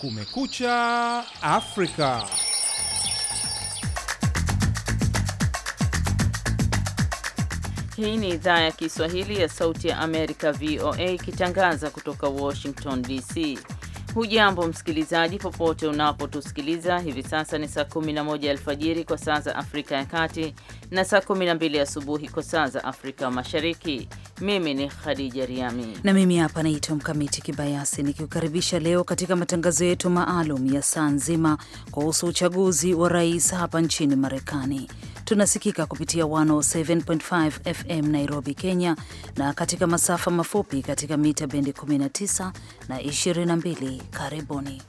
Kumekucha Afrika. Hii ni idhaa ya Kiswahili ya Sauti ya Amerika, VOA, ikitangaza kutoka Washington DC. Hujambo msikilizaji, popote unapotusikiliza hivi sasa. Ni saa 11 alfajiri kwa saa za Afrika ya Kati na saa 12 asubuhi kwa saa za Afrika Mashariki. Mimi ni Khadija Riami na mimi hapa naitwa Mkamiti Kibayasi nikiukaribisha leo katika matangazo yetu maalum ya saa nzima kuhusu uchaguzi wa rais hapa nchini Marekani. Tunasikika kupitia 107.5 FM Nairobi, Kenya, na katika masafa mafupi katika mita bendi 19 na 22. Karibuni.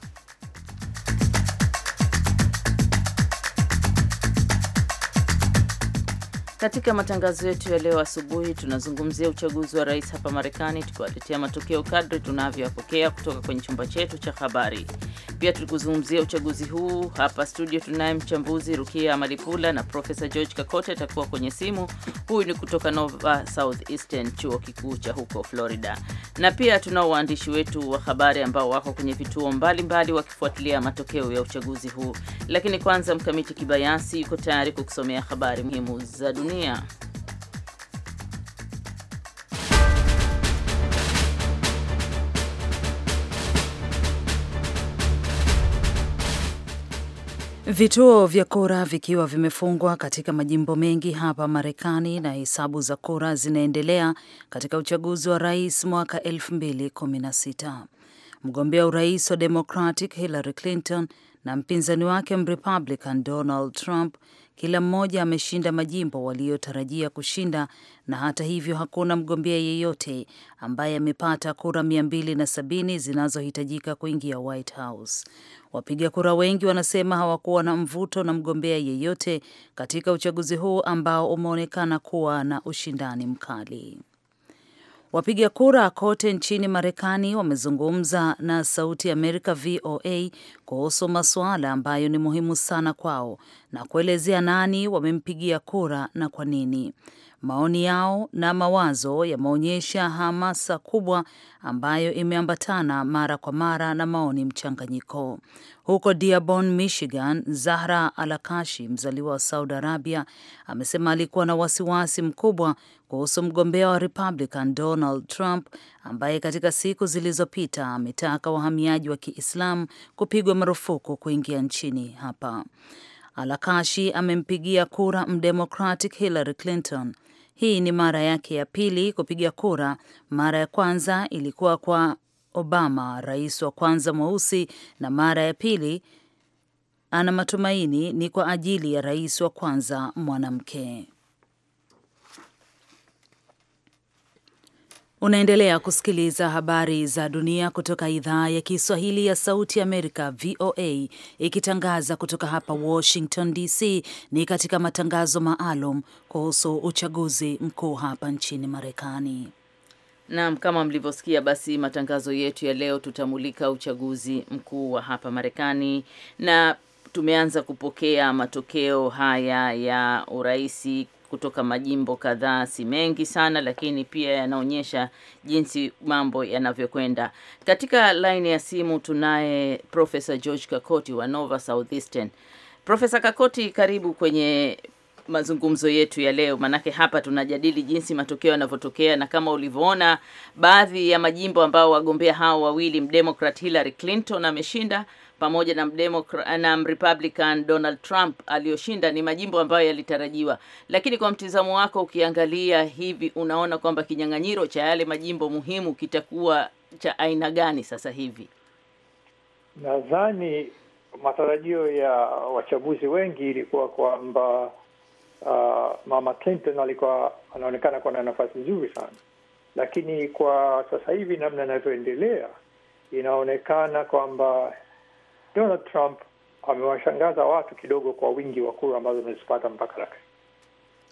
Katika matangazo yetu ya leo asubuhi, tunazungumzia uchaguzi wa rais hapa Marekani, tukiwaletea matokeo kadri tunavyoyapokea kutoka kwenye chumba chetu cha habari. Pia tulikuzungumzia uchaguzi huu hapa studio. Tunaye mchambuzi Rukia Malipula na Profesa George Kakote atakuwa kwenye simu. Huyu ni kutoka Nova Southeastern, chuo kikuu cha huko Florida. Na pia tunao waandishi wetu wa habari ambao wako kwenye vituo mbalimbali wakifuatilia matokeo ya uchaguzi huu. Lakini kwanza, Mkamiti Kibayasi yuko tayari kukusomea habari muhimu za dunia dunia. Vituo vya kura vikiwa vimefungwa katika majimbo mengi hapa Marekani na hesabu za kura zinaendelea katika uchaguzi wa rais mwaka 2016. Mgombea urais wa Democratic Hillary Clinton na mpinzani wake Mrepublican Donald Trump kila mmoja ameshinda majimbo waliyotarajia kushinda, na hata hivyo hakuna mgombea yeyote ambaye amepata kura 270 zinazohitajika kuingia White House. Wapiga kura wengi wanasema hawakuwa na mvuto na mgombea yeyote katika uchaguzi huu ambao umeonekana kuwa na ushindani mkali. Wapiga kura kote nchini Marekani wamezungumza na Sauti ya Amerika VOA kuhusu masuala ambayo ni muhimu sana kwao na kuelezea nani wamempigia kura na kwa nini. Maoni yao na mawazo yameonyesha hamasa kubwa ambayo imeambatana mara kwa mara na maoni mchanganyiko. Huko Dearborn, Michigan, Zahra Alakashi, mzaliwa wa Saudi Arabia, amesema alikuwa na wasiwasi mkubwa kuhusu mgombea wa Republican Donald Trump ambaye katika siku zilizopita ametaka wahamiaji wa Kiislamu kupigwa marufuku kuingia nchini hapa. Alakashi amempigia kura mdemocratic Hillary Clinton. Hii ni mara yake ya pili kupiga kura. Mara ya kwanza ilikuwa kwa Obama, rais wa kwanza mweusi, na mara ya pili ana matumaini ni kwa ajili ya rais wa kwanza mwanamke. Unaendelea kusikiliza habari za dunia kutoka idhaa ya Kiswahili ya Sauti Amerika, VOA, ikitangaza kutoka hapa Washington DC. Ni katika matangazo maalum kuhusu uchaguzi mkuu hapa nchini Marekani. Naam, kama mlivyosikia, basi matangazo yetu ya leo tutamulika uchaguzi mkuu wa hapa Marekani na tumeanza kupokea matokeo haya ya uraisi kutoka majimbo kadhaa, si mengi sana, lakini pia yanaonyesha jinsi mambo yanavyokwenda. Katika laini ya simu tunaye Profesa George Kakoti wa Nova Southeastern. Profesa Kakoti, karibu kwenye mazungumzo yetu ya leo, manake hapa tunajadili jinsi matokeo yanavyotokea, na kama ulivyoona baadhi ya majimbo ambao wagombea hao wawili mdemokrat Hillary Clinton ameshinda pamoja na na Republican Donald Trump aliyoshinda ni majimbo ambayo yalitarajiwa. Lakini kwa mtizamo wako, ukiangalia hivi, unaona kwamba kinyang'anyiro cha yale majimbo muhimu kitakuwa cha aina gani sasa hivi? Nadhani matarajio ya wachambuzi wengi ilikuwa kwamba uh, mama Clinton alikuwa anaonekana kuwa na nafasi nzuri sana, lakini kwa sasa hivi namna inavyoendelea inaonekana kwamba Donald Trump amewashangaza watu kidogo kwa wingi wa kura ambazo amezipata mpaka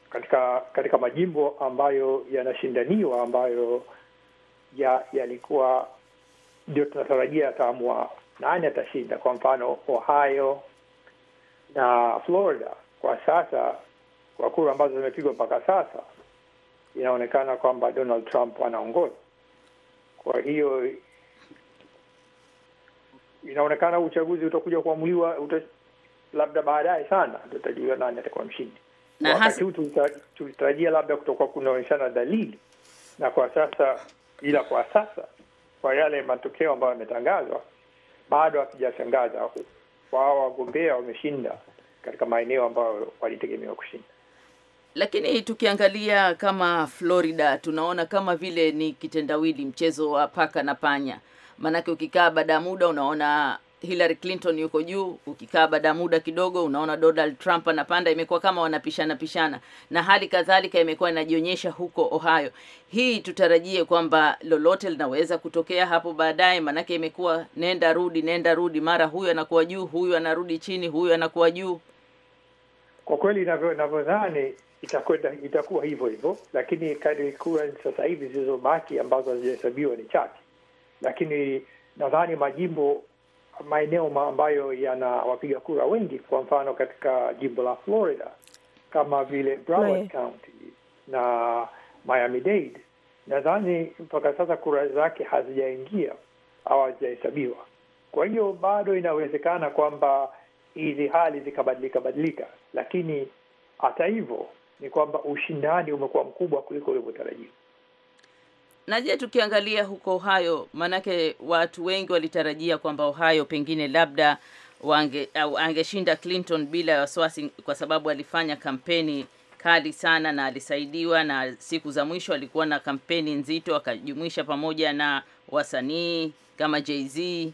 katika katika majimbo ambayo yanashindaniwa ambayo yalikuwa ndio tunatarajia ataamua nani atashinda. Kwa mfano Ohio na Florida, kwa sasa kwa kura ambazo zimepigwa mpaka sasa inaonekana kwamba Donald Trump anaongoza. Kwa hiyo inaonekana uchaguzi utakuja kuamuliwa uta, labda baadaye sana tutajua nani atakuwa mshindi. Na wakati huu tulitarajia labda kutokuwa kunaonyeshana dalili, na kwa sasa, ila kwa sasa, kwa yale matokeo ambayo yametangazwa, bado hatujashangaza wao wagombea wameshinda katika maeneo ambayo walitegemewa kushinda. Lakini tukiangalia kama Florida, tunaona kama vile ni kitendawili, mchezo wa paka na panya maanake ukikaa baada ya muda unaona Hillary Clinton yuko juu, ukikaa baada ya muda kidogo unaona Donald Trump anapanda. Imekuwa kama wanapishana pishana, na hali kadhalika imekuwa inajionyesha huko Ohio. Hii tutarajie kwamba lolote linaweza kutokea hapo baadaye, manake imekuwa nenda rudi, nenda rudi, mara huyu anakuwa juu, huyu anarudi chini, huyu anakuwa juu. Kwa kweli inavyodhani itakwenda itakuwa hivyo hivyo, lakini kadri kura sasa hivi zilizobaki ambazo hazijahesabiwa ni chache lakini nadhani majimbo maeneo ambayo yana wapiga kura wengi, kwa mfano katika jimbo la Florida kama vile Broward County na Miami Dade, nadhani mpaka sasa kura zake hazijaingia au hazijahesabiwa. Kwa hiyo bado inawezekana kwamba hizi hali zikabadilika badilika, lakini hata hivyo ni kwamba ushindani umekuwa mkubwa kuliko ulivyotarajiwa na je, tukiangalia huko Ohio, maanake watu wengi walitarajia kwamba Ohio pengine labda wange, au angeshinda Clinton bila ya wasiwasi, kwa sababu alifanya kampeni kali sana na alisaidiwa, na siku za mwisho alikuwa na kampeni nzito, akajumuisha pamoja na wasanii kama Jay-Z.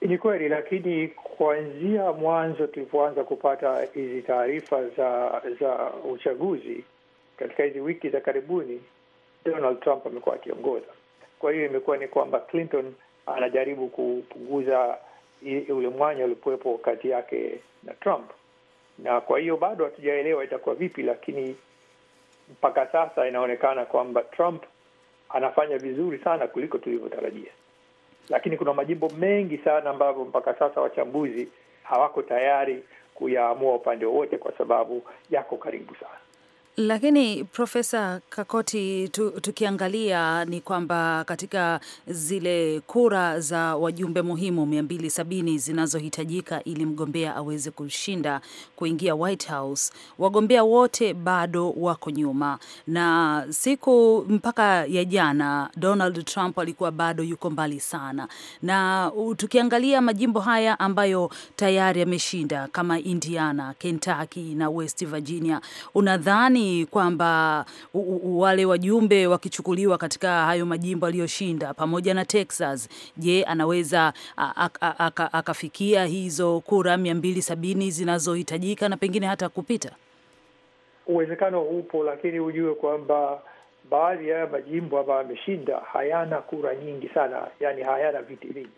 Ni kweli, lakini kuanzia mwanzo tulipoanza kupata hizi taarifa za za uchaguzi katika hizi wiki za karibuni Donald Trump amekuwa akiongoza. Kwa hiyo imekuwa ni kwamba Clinton anajaribu kupunguza ule mwanya uliokuwepo kati yake na Trump, na kwa hiyo bado hatujaelewa itakuwa vipi, lakini mpaka sasa inaonekana kwamba Trump anafanya vizuri sana kuliko tulivyotarajia, lakini kuna majimbo mengi sana ambavyo mpaka sasa wachambuzi hawako tayari kuyaamua upande wowote, kwa sababu yako karibu sana. Lakini Profesa Kakoti, tu, tukiangalia ni kwamba katika zile kura za wajumbe muhimu 270 zinazohitajika ili mgombea aweze kushinda kuingia White House, wagombea wote bado wako nyuma, na siku mpaka ya jana Donald Trump alikuwa bado yuko mbali sana, na tukiangalia majimbo haya ambayo tayari ameshinda kama Indiana, Kentucky na West Virginia, unadhani kwamba wale wajumbe wakichukuliwa katika hayo majimbo aliyoshinda pamoja na Texas, je, anaweza akafikia hizo kura mia mbili sabini zinazohitajika na pengine hata kupita? Uwezekano upo, lakini ujue kwamba baadhi ya majimbo ambayo ameshinda hayana kura nyingi sana, yani hayana viti vingi.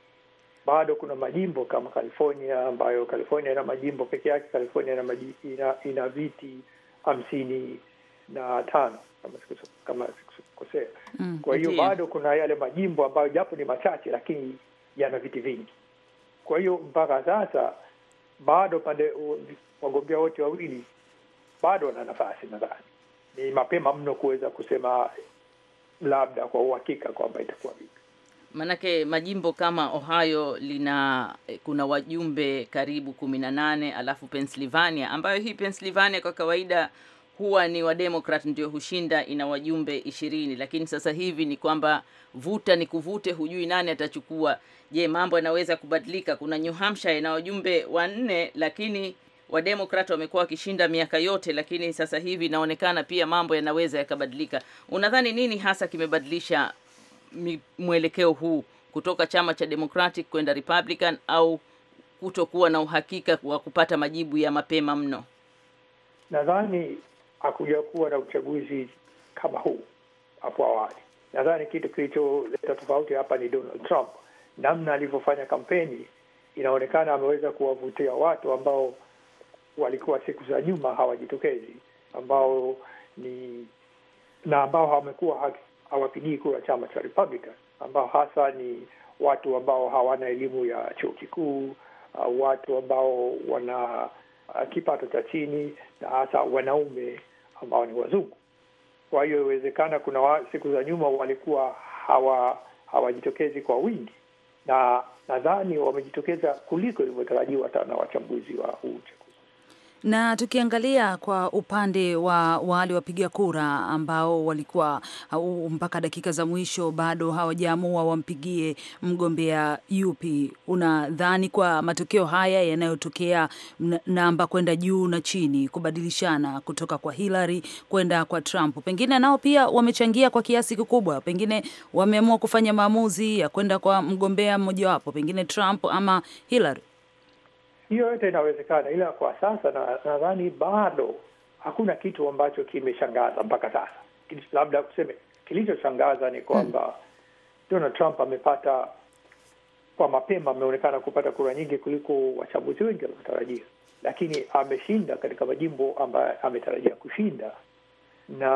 Bado kuna majimbo kama California ambayo California ina majimbo peke yake. California ina, ina, ina viti hamsini na tano kama sikosea. Mm, kwa hiyo bado kuna yale majimbo ambayo japo ni machache, lakini yana viti vingi. Kwa hiyo mpaka sasa bado pande wagombea wote wawili bado wana nafasi. Nadhani ni mapema mno kuweza kusema labda kwa uhakika kwamba itakuwa vipi. Manake majimbo kama Ohio lina eh, kuna wajumbe karibu 18, alafu Pennsylvania ambayo hii Pennsylvania kwa kawaida huwa ni wademokrat ndio hushinda, ina wajumbe ishirini, lakini sasa hivi ni kwamba vuta ni kuvute, hujui nani atachukua. Je, mambo yanaweza kubadilika? Kuna New Hampshire ina wajumbe wanne, lakini wademokrat wamekuwa wakishinda miaka yote, lakini sasa hivi inaonekana pia mambo yanaweza yakabadilika. Unadhani nini hasa kimebadilisha mwelekeo huu kutoka chama cha Democratic kwenda Republican au kutokuwa na uhakika wa kupata majibu ya mapema mno? Nadhani hakuja kuwa na uchaguzi kama huu hapo awali. Nadhani kitu kilicholeta tofauti hapa ni Donald Trump, namna alivyofanya kampeni. Inaonekana ameweza kuwavutia watu ambao walikuwa siku za nyuma hawajitokezi, ambao ni na ambao wamekuwa hawapigii kura chama cha Republican, ambao hasa ni watu ambao hawana elimu ya chuo kikuu, uh, watu ambao wana uh, kipato cha chini na hasa wanaume ambao ni wazungu. Kwa hiyo iwezekana kuna wa, siku za nyuma walikuwa hawa hawajitokezi kwa wingi, na nadhani wamejitokeza kuliko ilivyotarajiwa hata na wachambuzi wa huu na tukiangalia kwa upande wa wale wapiga kura ambao walikuwa uh, mpaka dakika za mwisho bado hawajaamua wampigie mgombea yupi, unadhani kwa matokeo haya yanayotokea namba kwenda juu na chini, kubadilishana kutoka kwa Hillary kwenda kwa Trump, pengine nao pia wamechangia kwa kiasi kikubwa, pengine wameamua kufanya maamuzi ya kwenda kwa mgombea mmojawapo, pengine Trump ama Hillary? hiyo yote inawezekana, ila kwa sasa nadhani na bado hakuna kitu ambacho kimeshangaza mpaka sasa. Labda kuseme kilichoshangaza ni kwamba hmm, Donald Trump amepata kwa mapema, ameonekana kupata kura nyingi kuliko wachambuzi wengi waliotarajia, lakini ameshinda katika majimbo ambayo ametarajia kushinda, na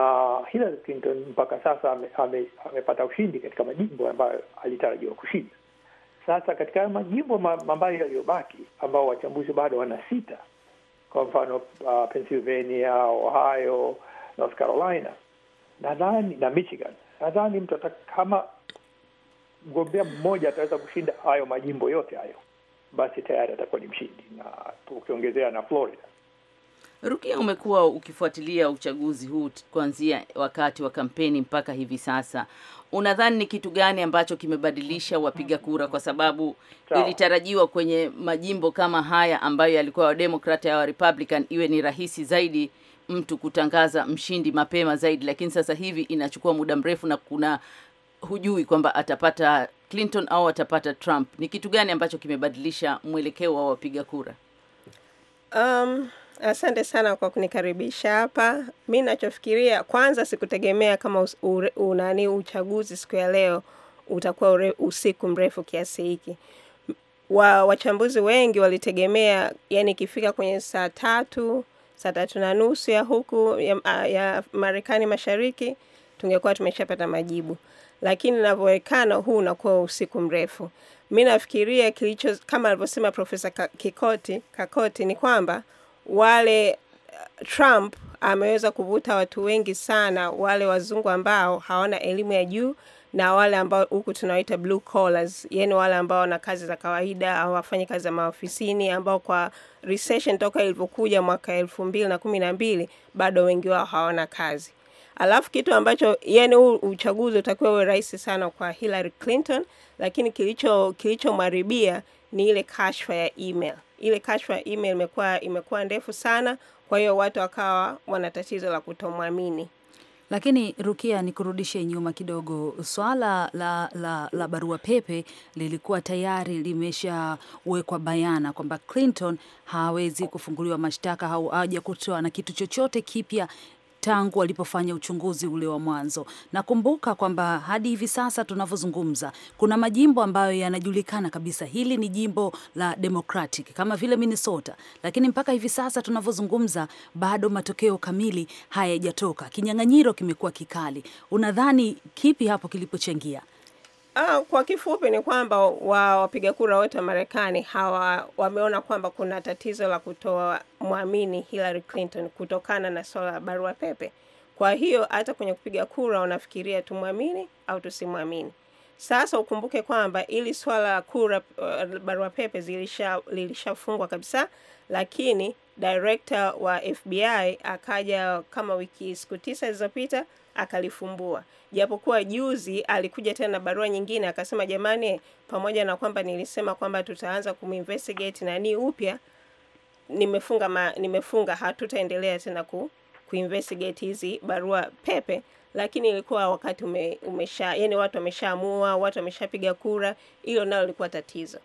Hillary Clinton mpaka sasa ame, ame, amepata ushindi katika majimbo ambayo alitarajiwa kushinda. Sasa katika majimbo ambayo yaliyobaki ambao wachambuzi bado wana sita kwa mfano uh, Pennsylvania, Ohio, North Carolina nadhani na Michigan, nadhani mtu kama mgombea mmoja ataweza kushinda hayo majimbo yote hayo, basi tayari atakuwa ni mshindi, na ukiongezea na Florida. Rukia, umekuwa ukifuatilia uchaguzi huu kuanzia wakati wa kampeni mpaka hivi sasa, unadhani ni kitu gani ambacho kimebadilisha wapiga kura? Kwa sababu ilitarajiwa kwenye majimbo kama haya ambayo yalikuwa Wademokrat au Republican iwe ni rahisi zaidi mtu kutangaza mshindi mapema zaidi, lakini sasa hivi inachukua muda mrefu na kuna hujui kwamba atapata Clinton au atapata Trump. Ni kitu gani ambacho kimebadilisha mwelekeo wa wapiga kura? Um, Asante sana kwa kunikaribisha hapa. Mi nachofikiria kwanza, sikutegemea kama unani uchaguzi siku ya leo utakuwa ure, usiku mrefu kiasi hiki. Wa, wachambuzi wengi walitegemea yani ikifika kwenye saa tatu saa tatu na nusu ya huku ya, ya Marekani Mashariki tungekuwa tumeshapata majibu, lakini inavyoonekana huu unakuwa usiku mrefu. Mi nafikiria kilicho kama alivyosema Profesa Kikoti Kakoti ni kwamba wale uh, Trump ameweza kuvuta watu wengi sana, wale wazungu ambao hawana elimu ya juu na wale ambao huku tunawaita blue collars, yani wale ambao wana kazi za kawaida au kazi za maofisini, ambao kwa recession toka ilivyokuja mwaka elfu mbili na kumi na mbili bado wengi wao hawana kazi. Alafu kitu ambacho yani huu uchaguzi utakuwa uwe rahisi sana kwa Hillary Clinton, lakini kilicho kilichomharibia ni ile kashfa ya email. Ile kashfa ya email imekuwa imekuwa ndefu sana, kwa hiyo watu wakawa wana tatizo la kutomwamini. Lakini Rukia, nikurudishe nyuma kidogo. Swala la, la, la barua pepe lilikuwa tayari limeshawekwa bayana kwamba Clinton hawezi kufunguliwa mashtaka au haja kutoa na kitu chochote kipya tangu walipofanya uchunguzi ule wa mwanzo. Nakumbuka kwamba hadi hivi sasa tunavyozungumza, kuna majimbo ambayo yanajulikana kabisa, hili ni jimbo la Democratic kama vile Minnesota, lakini mpaka hivi sasa tunavyozungumza, bado matokeo kamili hayajatoka. Kinyang'anyiro kimekuwa kikali. Unadhani kipi hapo kilipochangia? Ah, kwa kifupi ni kwamba wa wapiga kura wote wa Marekani hawa wameona kwamba kuna tatizo la kutoa mwamini Hillary Clinton kutokana na swala la barua pepe. Kwa hiyo hata kwenye kupiga kura wanafikiria tumwamini au tusimwamini. Sasa ukumbuke kwamba ili swala la kura uh, barua pepe zilisha lilishafungwa kabisa, lakini director wa FBI akaja kama wiki siku tisa zilizopita akalifumbua. Japokuwa juzi alikuja tena na barua nyingine akasema, jamani, pamoja na kwamba nilisema kwamba tutaanza kuminvestigate nani upya, nimefunga ma, nimefunga, hatutaendelea tena ku kuinvestigate hizi barua pepe, lakini ilikuwa wakati ume, umesha yani watu wameshaamua, watu wameshapiga kura. Hilo nalo lilikuwa tatizo.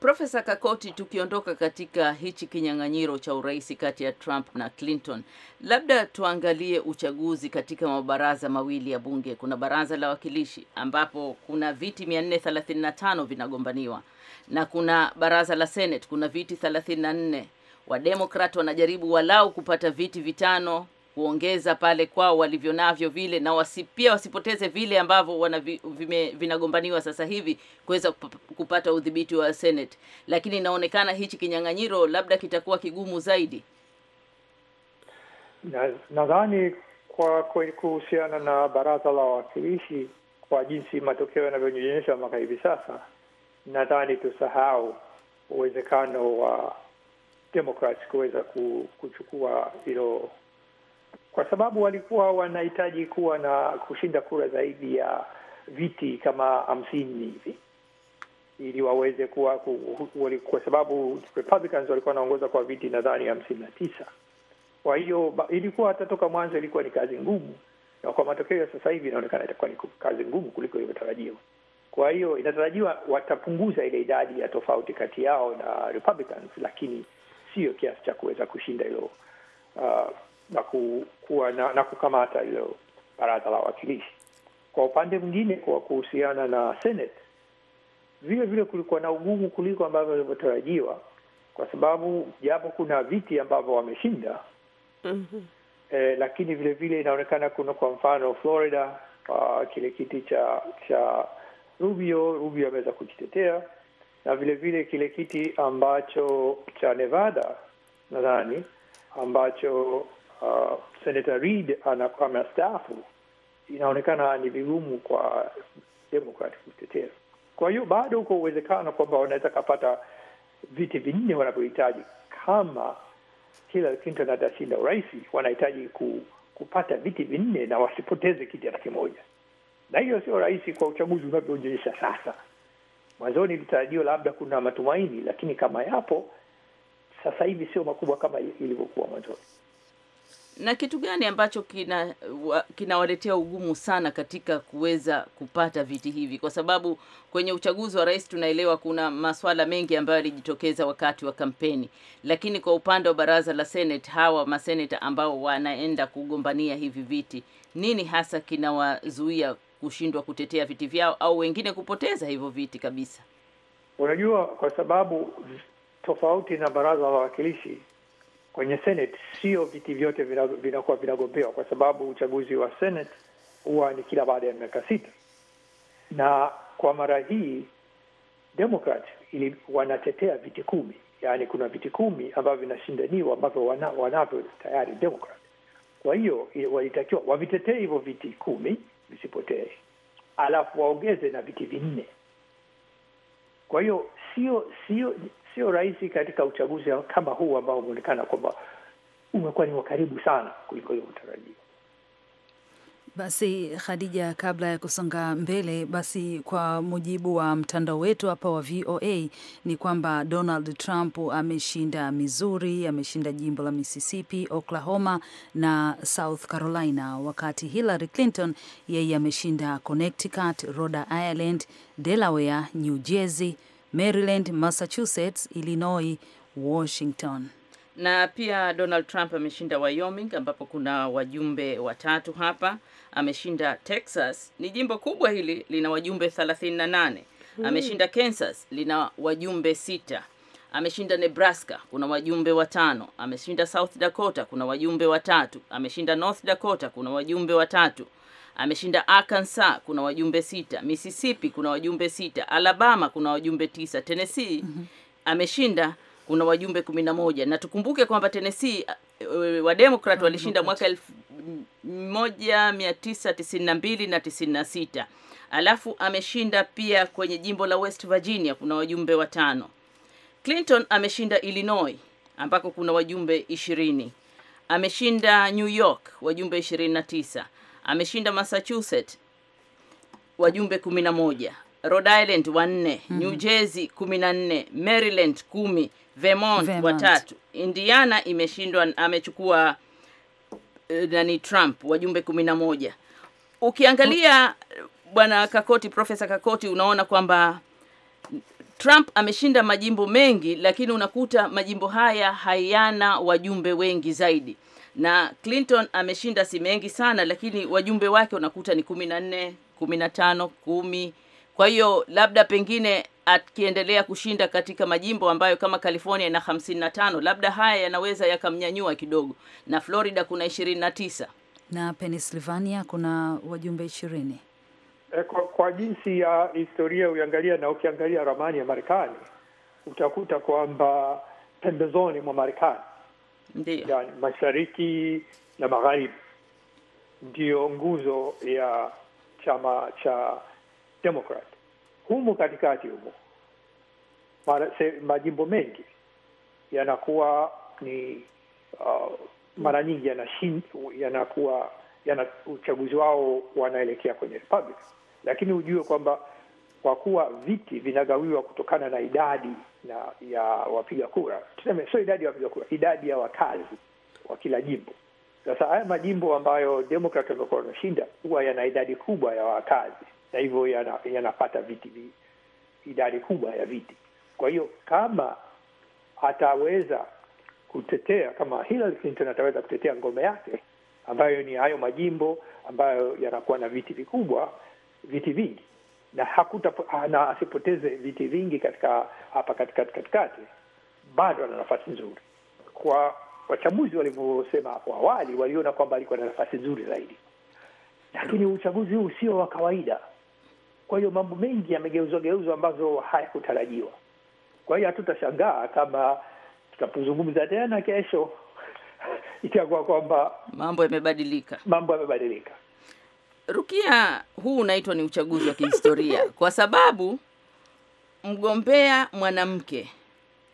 Profesa Kakoti, tukiondoka katika hichi kinyang'anyiro cha urais kati ya Trump na Clinton, labda tuangalie uchaguzi katika mabaraza mawili ya bunge. Kuna baraza la wawakilishi ambapo kuna viti 435 vinagombaniwa na kuna baraza la Senate kuna viti 34. Wademokrat wanajaribu walau kupata viti vitano kuongeza pale kwao walivyo navyo vile, na wasi, pia wasipoteze vile ambavyo vime, vinagombaniwa sasa hivi kuweza kupata udhibiti wa Senate, lakini inaonekana hichi kinyang'anyiro labda kitakuwa kigumu zaidi. Nadhani na kwa kweli kuhusiana na baraza la wawakilishi kwa jinsi matokeo yanavyonyonyesha mpaka hivi sasa, nadhani tusahau uwezekano wa Democrats kuweza kuchukua hilo kwa sababu walikuwa wanahitaji kuwa na kushinda kura zaidi ya viti kama hamsini hivi ili waweze kuwa ku, wali, kwa sababu Republicans walikuwa wanaongoza kwa viti nadhani hamsini na tisa. Kwa hiyo ilikuwa hata toka mwanzo ilikuwa ni kazi ngumu, na kwa matokeo ya sasa hivi inaonekana itakuwa ni kazi ngumu kuliko ilivyotarajiwa. Kwa hiyo inatarajiwa watapunguza ile idadi ya tofauti kati yao na Republicans, lakini sio kiasi cha kuweza kushinda hilo uh, na, ku, kuwa na, na kukamata hilo baraza la wakilishi Kwa upande mwingine, kwa kuhusiana na Senate vile vile kulikuwa na ugumu kuliko ambavyo ilivyotarajiwa, kwa sababu japo kuna viti ambavyo wameshinda mm -hmm. Eh, lakini vile vile inaonekana kuna, kwa mfano Florida, uh, kile kiti cha cha Rubio, Rubio ameweza kujitetea na vile vile kile kiti ambacho cha Nevada nadhani ambacho uh, senata Reid amestaafu, inaonekana ni vigumu kwa Demokrat kutetea. Kwa hiyo bado huko uwezekano kwamba wanaweza kapata viti vinne wanavyohitaji. Kama Hillary Clinton atashinda urahisi wanahitaji ku, kupata viti vinne na wasipoteze kiti hata kimoja, na hiyo sio rahisi kwa uchaguzi unavyoonyesha sasa. Mwanzoni litarajio labda kuna matumaini, lakini kama yapo sasa hivi sio makubwa kama ilivyokuwa mwanzoni. Na kitu gani ambacho kinawaletea kina ugumu sana katika kuweza kupata viti hivi? Kwa sababu kwenye uchaguzi wa rais tunaelewa kuna masuala mengi ambayo yalijitokeza wakati wa kampeni, lakini kwa upande wa baraza la Senate, hawa maseneta ambao wanaenda kugombania hivi viti, nini hasa kinawazuia kushindwa kutetea viti vyao au wengine kupoteza hivyo viti kabisa? Unajua, kwa sababu tofauti na baraza la wawakilishi kwenye Senate sio viti vyote vinakuwa vinagombewa, kwa sababu uchaguzi wa Senate huwa ni kila baada ya miaka sita, na kwa mara hii Democrat ili wanatetea viti kumi, yaani kuna viti kumi ambavyo vinashindaniwa ambavyo wanavyo wana tayari Democrat. Kwa hiyo walitakiwa wavitetee hivyo viti kumi visipotee, alafu waongeze na viti vinne kwa hiyo sio sio sio rahisi katika uchaguzi kama huu ambao umeonekana kwamba umekuwa ni wa karibu sana kuliko utarajio basi Khadija, kabla ya kusonga mbele, basi kwa mujibu wa mtandao wetu hapa wa VOA ni kwamba Donald Trump ameshinda Missouri, ameshinda jimbo la Mississippi, Oklahoma na South Carolina, wakati Hillary Clinton yeye ameshinda Connecticut, Rhode Island, Delaware, New Jersey, Maryland, Massachusetts, Illinois, Washington na pia Donald Trump ameshinda Wyoming ambapo kuna wajumbe watatu hapa ameshinda Texas, ni jimbo kubwa hili, lina wajumbe 38. Ameshinda Kansas, lina wajumbe sita. Ameshinda Nebraska, kuna wajumbe watano. Ameshinda South Dakota, kuna wajumbe watatu. Ameshinda North Dakota, kuna wajumbe watatu. Ameshinda Arkansas, kuna wajumbe sita. Mississippi, kuna wajumbe sita. Alabama, kuna wajumbe tisa. Tennessee mhm. ameshinda kuna wajumbe 11 na tukumbuke kwamba Tennessee eh, wa Democrat walishinda mwaka moja mia tisa tisini na mbili na tisini na sita alafu ameshinda pia kwenye jimbo la West Virginia kuna wajumbe watano. Clinton ameshinda Illinois ambako kuna wajumbe ishirini. Ameshinda New York wajumbe 29. Ameshinda Massachusetts wajumbe 11. Rhode Island wanne, mm -hmm. New Jersey nne, Maryland kumi, Vermont, Vermont watatu. Indiana imeshindwa amechukua Eh, nani Trump wajumbe kumi na moja. Ukiangalia bwana Kakoti, Profesa Kakoti, unaona kwamba Trump ameshinda majimbo mengi, lakini unakuta majimbo haya hayana wajumbe wengi zaidi, na Clinton ameshinda si mengi sana, lakini wajumbe wake unakuta ni kumi na nne, kumi na tano, kumi. Kwa hiyo labda pengine akiendelea kushinda katika majimbo ambayo kama California ina 55, labda haya yanaweza yakamnyanyua kidogo, na Florida kuna 29 na Pennsylvania kuna wajumbe 20. Eh, kwa, kwa jinsi ya historia uiangalia na ukiangalia ramani ya Marekani utakuta kwamba pembezoni mwa Marekani ndio, yani mashariki na magharibi ndiyo nguzo ya chama cha Democrat humu katikati humo majimbo mengi yanakuwa ni uh, mara nyingi yanakuwa yana uchaguzi wao wanaelekea kwenye republic, lakini hujue kwamba kwa kuwa viti vinagawiwa kutokana na idadi na ya wapiga kura, tuseme sio idadi ya wapiga kura, idadi ya wakazi wa kila jimbo. Sasa haya majimbo ambayo Demokrat wamekuwa wanashinda huwa yana idadi kubwa ya wakazi na hivyo yana, yanapata viti idadi kubwa ya viti. Kwa hiyo kama ataweza kutetea, kama Hillary Clinton ataweza kutetea ngome yake ambayo ni hayo majimbo ambayo yanakuwa na viti vikubwa, viti vingi, na hakuta na asipoteze viti vingi katika hapa katikati katikati, bado ana nafasi nzuri. Kwa wachambuzi walivyosema hapo awali, waliona kwamba alikuwa na nafasi nzuri zaidi, lakini uchaguzi huu sio wa kawaida kwa hiyo mambo mengi yamegeuzwa geuzwa ambavyo hayakutarajiwa. Kwa hiyo hatutashangaa kama tutapozungumza tena kesho itakuwa kwamba mambo yamebadilika, mambo yamebadilika. Rukia, huu unaitwa ni uchaguzi wa kihistoria kwa sababu mgombea mwanamke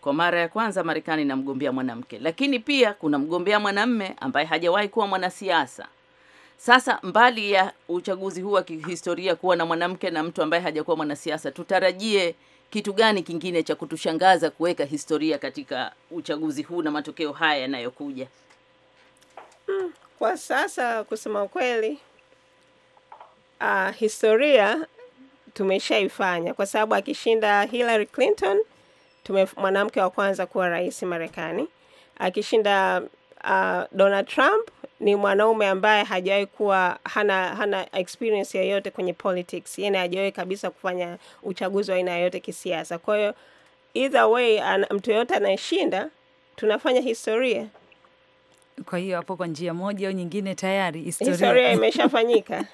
kwa mara ya kwanza Marekani na mgombea mwanamke, lakini pia kuna mgombea mwanamme ambaye hajawahi kuwa mwanasiasa. Sasa mbali ya uchaguzi huu wa kihistoria kuwa na mwanamke na mtu ambaye hajakuwa mwanasiasa, tutarajie kitu gani kingine cha kutushangaza kuweka historia katika uchaguzi huu na matokeo haya yanayokuja? Hmm, kwa sasa kusema ukweli, uh, historia tumeshaifanya kwa sababu akishinda Hillary Clinton tume mwanamke wa kwanza kuwa rais Marekani, akishinda uh, Donald Trump ni mwanaume ambaye hajawahi kuwa hana hana experience yoyote kwenye politics, yaani hajawahi kabisa kufanya uchaguzi wa aina yoyote kisiasa. Kwa hiyo either way, mtu yoyote anayeshinda tunafanya historia. Kwa hiyo hapo, kwa njia moja au nyingine, tayari historia, historia imeshafanyika.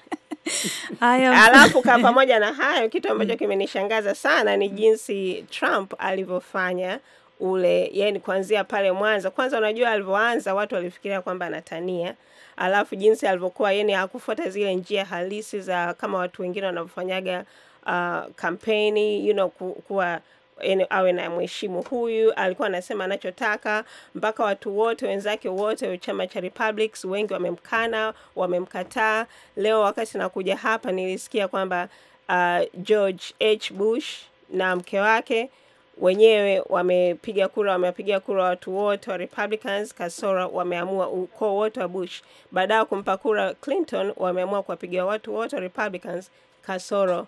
Alafu ka pamoja na hayo, kitu ambacho kimenishangaza sana ni jinsi Trump alivyofanya ule yani, kuanzia pale mwanzo. Kwanza unajua alivyoanza watu walifikiria kwamba anatania, alafu jinsi alivyokuwa yani, hakufuata zile njia halisi za kama watu wengine wanavyofanyaga ah, kampeni uh, you know, kuwa yani, awe na mheshimu huyu. Alikuwa anasema anachotaka mpaka watu wote wenzake wote chama cha Republics wengi wamemkana, wamemkataa. Leo wakati nakuja hapa nilisikia kwamba uh, George H Bush na mke wake wenyewe wamepiga kura, wamewapiga kura watu wote wa Republicans kasora, wameamua ukoo wote wa Bush. Baada ya kumpa kura Clinton, wameamua kuwapigia watu wote wa Republicans kasoro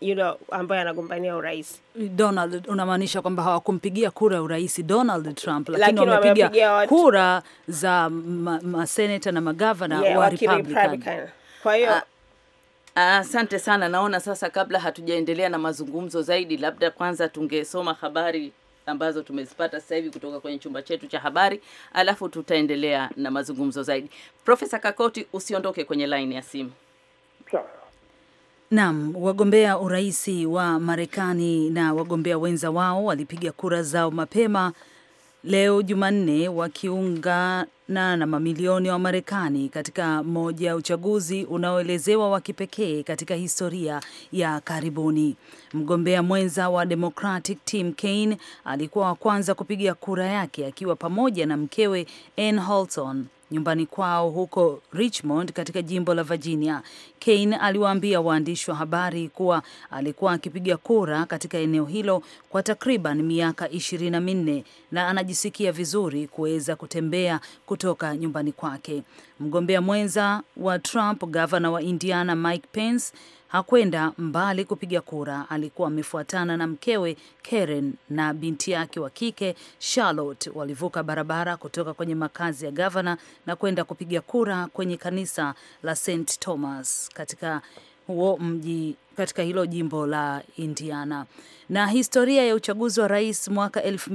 yule ambaye anagombania urais Donald. Unamaanisha kwamba hawakumpigia kura ya urais Donald Trump, lakini wamepiga kura za maseneta ma na magavana yeah, wa Republican. Republican. Kwa hiyo ah, Asante sana. Naona sasa, kabla hatujaendelea na mazungumzo zaidi, labda kwanza tungesoma habari ambazo tumezipata sasa hivi kutoka kwenye chumba chetu cha habari, alafu tutaendelea na mazungumzo zaidi. Profesa Kakoti, usiondoke kwenye laini ya simu. Naam, wagombea urais wa Marekani na wagombea wenza wao walipiga kura zao mapema leo Jumanne wakiunga na na mamilioni wa Marekani katika moja ya uchaguzi unaoelezewa wa kipekee katika historia ya karibuni. Mgombea mwenza wa Democratic Tim Kaine alikuwa wa kwanza kupiga kura yake akiwa pamoja na mkewe Ann Holton nyumbani kwao huko Richmond katika jimbo la Virginia. Kane aliwaambia waandishi wa habari kuwa alikuwa akipiga kura katika eneo hilo kwa takriban miaka ishirini na minne na anajisikia vizuri kuweza kutembea kutoka nyumbani kwake. Mgombea mwenza wa Trump, gavana wa Indiana Mike Pence hakwenda mbali kupiga kura. Alikuwa amefuatana na mkewe Karen na binti yake wa kike Charlotte. Walivuka barabara kutoka kwenye makazi ya gavana na kwenda kupiga kura kwenye kanisa la St Thomas katika huo mji katika hilo jimbo la Indiana. Na historia ya uchaguzi wa rais mwaka elfu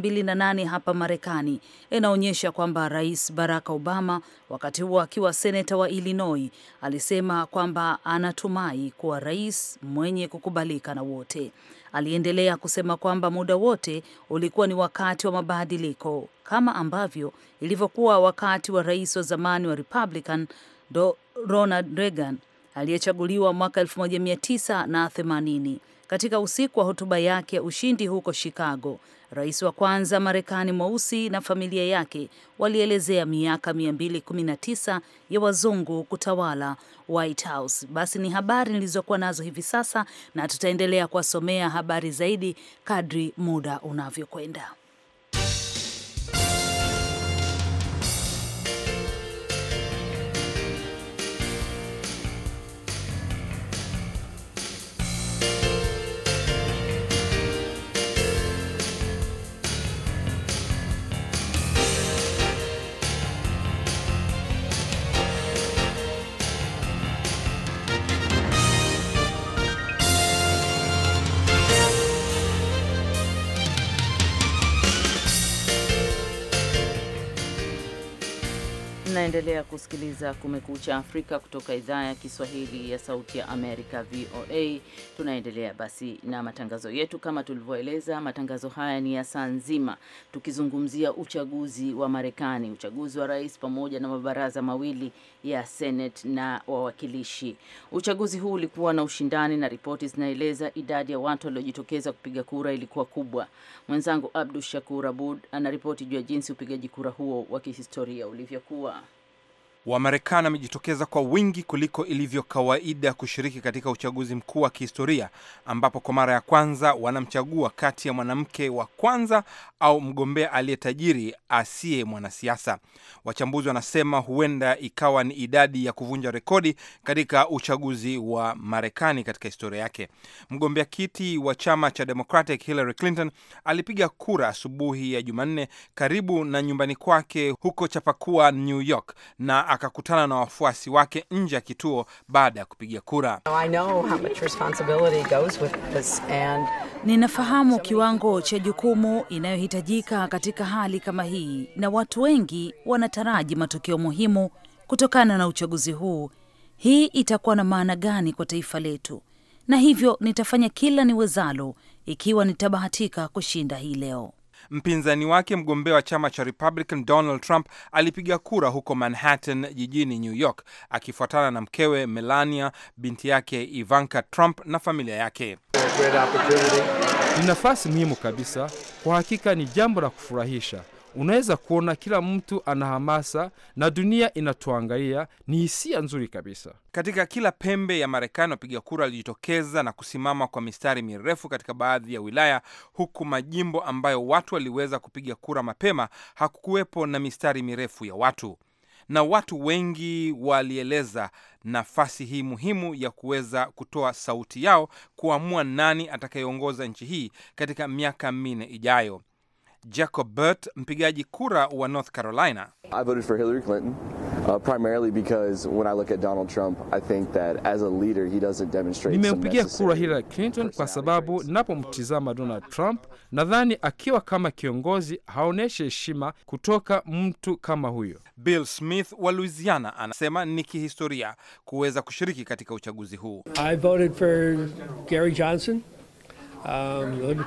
hapa Marekani inaonyesha kwamba Rais Barack Obama, wakati huo akiwa seneta wa Illinois, alisema kwamba anatumai kuwa rais mwenye kukubalika na wote. Aliendelea kusema kwamba muda wote ulikuwa ni wakati wa mabadiliko kama ambavyo ilivyokuwa wakati wa rais wa zamani wa Republican Do Ronald Reagan aliyechaguliwa mwaka 1980. Katika usiku wa hotuba yake ya ushindi huko Chicago, rais wa kwanza Marekani mweusi na familia yake walielezea miaka 219 ya wazungu kutawala White House. Basi ni habari nilizokuwa nazo hivi sasa, na tutaendelea kuwasomea habari zaidi kadri muda unavyokwenda. Unaendelea kusikiliza Kumekucha Afrika kutoka idhaa ya Kiswahili ya Sauti ya Amerika, VOA. Tunaendelea basi na matangazo yetu. Kama tulivyoeleza, matangazo haya ni ya saa nzima, tukizungumzia uchaguzi wa Marekani, uchaguzi wa rais pamoja na mabaraza mawili ya Senate na wawakilishi. Uchaguzi huu ulikuwa na ushindani na ripoti zinaeleza idadi ya watu waliojitokeza kupiga kura ilikuwa kubwa. Mwenzangu Abdu Shakur Abud anaripoti juu ya jinsi upigaji kura huo wa kihistoria ulivyokuwa. Wamarekani wamejitokeza kwa wingi kuliko ilivyo kawaida kushiriki katika uchaguzi mkuu wa kihistoria ambapo kwa mara ya kwanza wanamchagua kati ya mwanamke wa kwanza au mgombea aliyetajiri asiye mwanasiasa. Wachambuzi wanasema huenda ikawa ni idadi ya kuvunja rekodi katika uchaguzi wa Marekani katika historia yake. Mgombea kiti wa chama cha Democratic Hillary Clinton alipiga kura asubuhi ya Jumanne karibu na nyumbani kwake huko Chapakua, New York na akakutana na wafuasi wake nje ya kituo baada ya kupiga kura. Ninafahamu kiwango cha jukumu inayohitajika katika hali kama hii, na watu wengi wanataraji matokeo muhimu kutokana na uchaguzi huu. Hii itakuwa na maana gani kwa taifa letu? Na hivyo nitafanya kila niwezalo ikiwa nitabahatika kushinda hii leo. Mpinzani wake mgombea wa chama cha Republican Donald Trump alipiga kura huko Manhattan jijini New York akifuatana na mkewe Melania, binti yake Ivanka Trump na familia yake. Ni nafasi muhimu kabisa, kwa hakika ni jambo la kufurahisha unaweza kuona kila mtu ana hamasa na dunia inatuangalia. Ni hisia nzuri kabisa. Katika kila pembe ya Marekani, wapiga kura walijitokeza na kusimama kwa mistari mirefu katika baadhi ya wilaya, huku majimbo ambayo watu waliweza kupiga kura mapema hakukuwepo na mistari mirefu ya watu na watu wengi walieleza nafasi hii muhimu ya kuweza kutoa sauti yao kuamua nani atakayeongoza nchi hii katika miaka minne ijayo. Jacob Burt, mpigaji kura wa North Carolina. I voted for Hillary Clinton. Uh, Nimempigia kura Hillary Clinton kwa sababu napomtizama Donald Trump nadhani akiwa kama kiongozi haonyeshe heshima kutoka mtu kama huyo. Bill Smith wa Louisiana anasema ni kihistoria kuweza kushiriki katika uchaguzi huu. I voted for Gary Johnson. Um,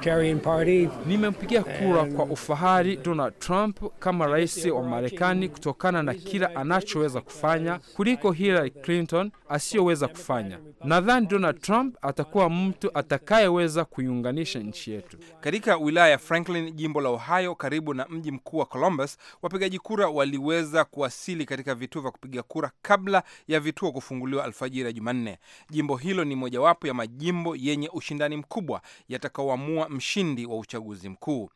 nimempigia kura kwa ufahari Donald Trump kama rais wa Marekani kutokana na kila anachoweza kufanya kuliko Hillary Clinton asiyoweza kufanya. Nadhani Donald Trump atakuwa mtu atakayeweza kuiunganisha nchi yetu. Katika wilaya ya Franklin, jimbo la Ohio, karibu na mji mkuu wa Columbus, wapigaji kura waliweza kuwasili katika vituo vya kupiga kura kabla ya vituo kufunguliwa alfajiri ya Jumanne. Jimbo hilo ni mojawapo ya majimbo yenye ushindani mkubwa yatakaoamua mshindi wa uchaguzi mkuu.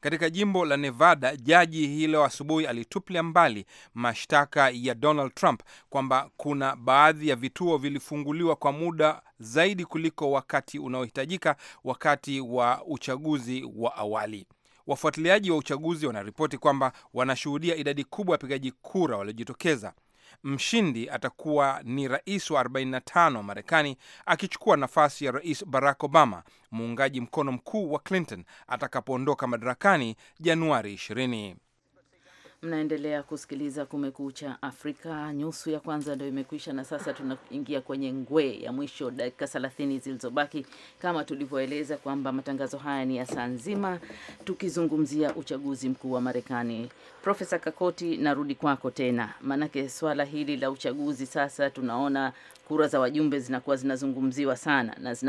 Katika jimbo la Nevada, jaji hii leo asubuhi alitupilia mbali mashtaka ya Donald Trump kwamba kuna baadhi ya vituo vilifunguliwa kwa muda zaidi kuliko wakati unaohitajika wakati wa uchaguzi wa awali. Wafuatiliaji wa uchaguzi wanaripoti kwamba wanashuhudia idadi kubwa ya wapigaji kura waliojitokeza mshindi atakuwa ni rais wa 45 wa Marekani, akichukua nafasi ya Rais Barack Obama, muungaji mkono mkuu wa Clinton, atakapoondoka madarakani Januari 20. Mnaendelea kusikiliza Kumekucha Afrika. Nyusu ya kwanza ndio imekwisha, na sasa tunaingia kwenye ngwe ya mwisho, dakika thelathini zilizobaki. Kama tulivyoeleza kwamba matangazo haya ni ya saa nzima, tukizungumzia uchaguzi mkuu wa Marekani. Profesa Kakoti, narudi kwako tena, maanake swala hili la uchaguzi sasa tunaona kura za wajumbe zinakuwa zinazungumziwa sana na zinazo